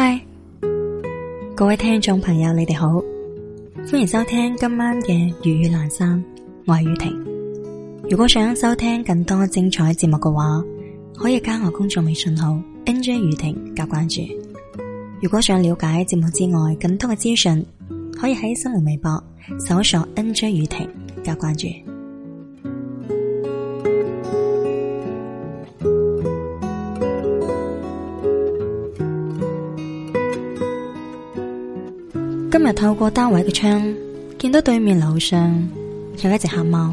嗨，各位聽眾朋友，你哋好，歡迎收聽今晚嘅粵語闌珊，我係雨婷。如果想收聽更多精彩節目嘅話，可以加我工作微信號 nj 雨婷加關注。如果想了解節目之外更多嘅資訊，可以喺新浪微博搜索 nj 雨婷加關注。今日透過單位嘅窗，見到對面樓上有一隻黑貓，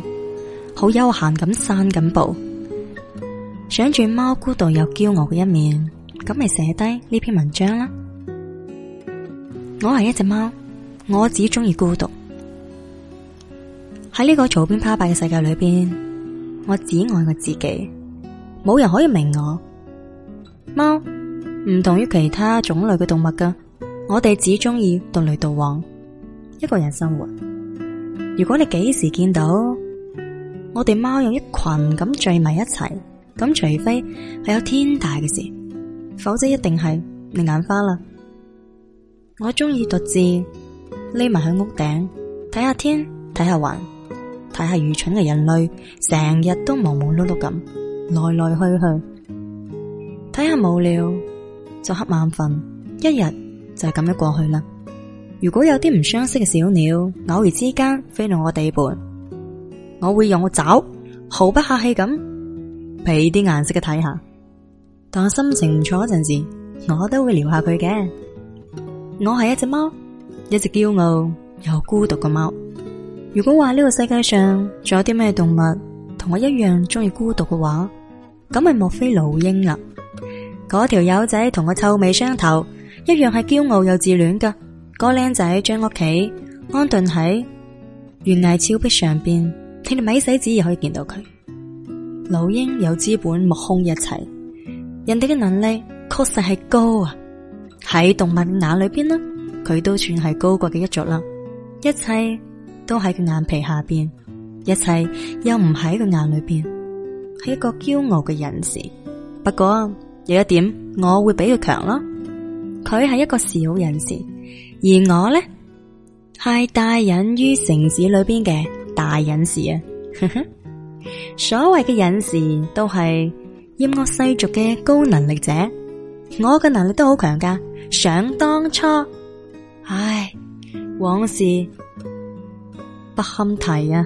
好悠閒咁散緊步。想住貓孤獨又驕傲嘅一面，咁咪寫低呢篇文章啦。我係一隻貓，我只中意孤獨。喺呢個嘈喧巴閉嘅世界裏邊，我只愛我自己，冇人可以明我。貓唔同於其他種類嘅動物噶。我哋只中意獨來獨往，一個人生活。如果你幾時見到我哋貓有一群咁聚埋一齊，咁除非係有天大嘅事，否則一定係你眼花啦。我中意獨自匿埋喺屋頂睇下天，睇下雲，睇下愚蠢嘅人類成日都忙忙碌碌咁來來去去，睇下無聊就瞌眼瞓，一日。就係咁樣過去啦。如果有啲唔相識嘅小鳥，偶然之間飛到我地盤，我會用我爪毫不客氣咁畀啲顏色嘅睇下。當我心情唔錯嗰陣時，我都會撩下佢嘅。我係一隻貓，一隻驕傲又孤獨嘅貓。如果話呢個世界上仲有啲咩動物同我一樣中意孤獨嘅話，咁咪莫非老鷹啊？嗰條友仔同我臭味相投。一樣係驕傲又自戀噶，個靚仔將屋企安頓喺懸崖峭壁上邊，你哋咪洗紙又可以見到佢。老鷹有資本目空一切，人哋嘅能力確實係高啊！喺動物嘅眼裏邊啦，佢都算係高貴嘅一族啦。一切都喺佢眼皮下邊，一切又唔喺佢眼裏邊，係一個驕傲嘅人士。不過有一點，我會比佢強咯。佢係一個小隱士，而我咧，係大隱於城市裏邊嘅大隱士啊！ 所謂嘅隱士都係厭惡世俗嘅高能力者，我嘅能力都好強噶。想當初，唉，往事不堪提啊！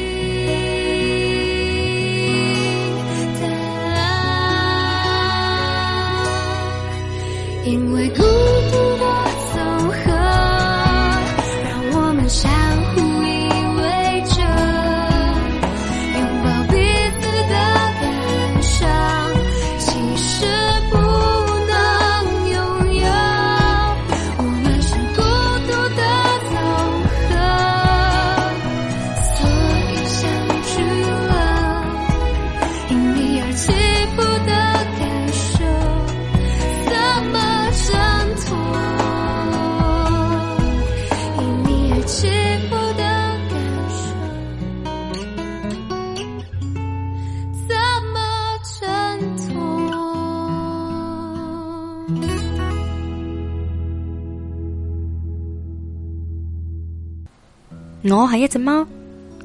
我係一隻貓，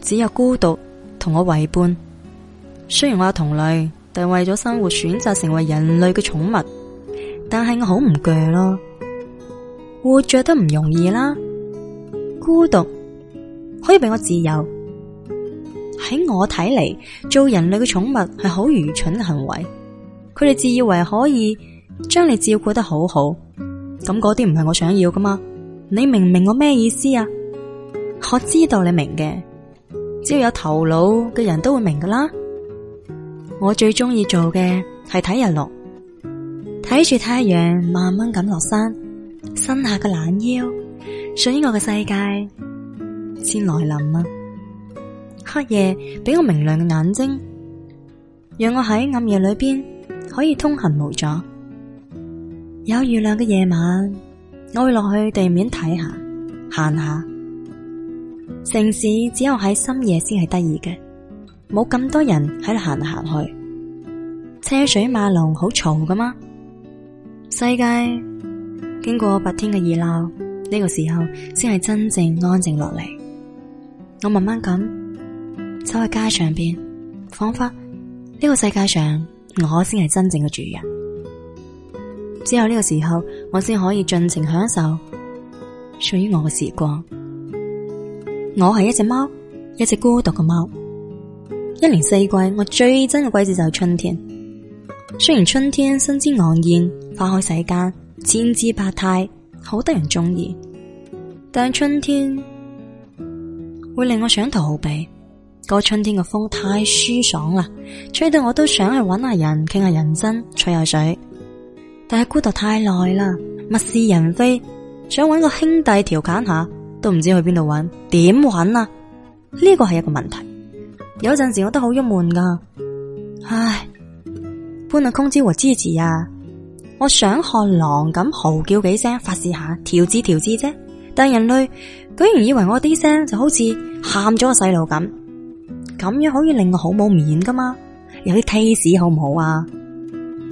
只有孤獨同我為伴。雖然我有同類，但為咗生活選擇成為人類嘅寵物，但係我好唔懼咯。活着都唔容易啦，孤獨可以俾我自由。喺我睇嚟，做人類嘅寵物係好愚蠢嘅行為。佢哋自以為可以將你照顧得好好，咁嗰啲唔係我想要㗎嘛？你明唔明我咩意思啊？我知道你明嘅，只要有頭腦嘅人都會明噶啦。我最中意做嘅係睇日落，睇住太陽慢慢咁落山，伸下個懶腰，屬於我嘅世界先來臨啊。黑夜俾我明亮嘅眼睛，讓我喺暗夜裏邊可以通行無阻。有月亮嘅夜晚，我會落去地面睇下，行下。城市只有喺深夜先係得意嘅，冇咁多人喺度行嚟行去，車水馬龍好嘈噶嘛。世界經過白天嘅熱鬧，呢個時候先係真正安靜落嚟。我慢慢咁走喺街上邊，仿佛呢個世界上我先係真正嘅主人。只有呢個時候，我先可以盡情享受屬於我嘅時光。我係一隻貓，一隻孤獨嘅貓。一年四季，我最憎嘅季節就係春天。雖然春天生機盎然，花開世間，千姿百態，好得人中意，但春天會令我想逃避。嗰、那個春天嘅風太舒爽啦，吹到我都想去揾下人傾下人生，吹下水。但係孤獨太耐啦，物是人非，想揾個兄弟調侃下。都唔知去邊度揾，點揾啊？呢個係一個問題。有陣時我都好鬱悶噶，唉！搬下工資和支持啊！我想學狼咁嚎叫幾聲，發洩下，調節調節啫。但人類居然以為我啲聲就好似喊咗個細路咁，咁樣可以令我好冇面噶嘛？有啲 taste 好唔好啊？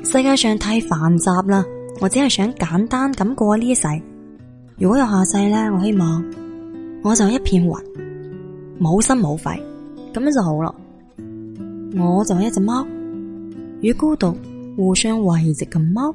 世界上太繁雜啦，我只係想簡單咁過呢一世。如果有下世咧，我希望。我就一片雲，冇心冇肺，咁樣就好咯。我就係一隻貓，與孤獨互相慰藉嘅貓。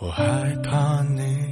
我害怕你。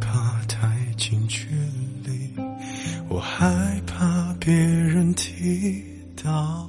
怕太近距離，我害怕別人提到。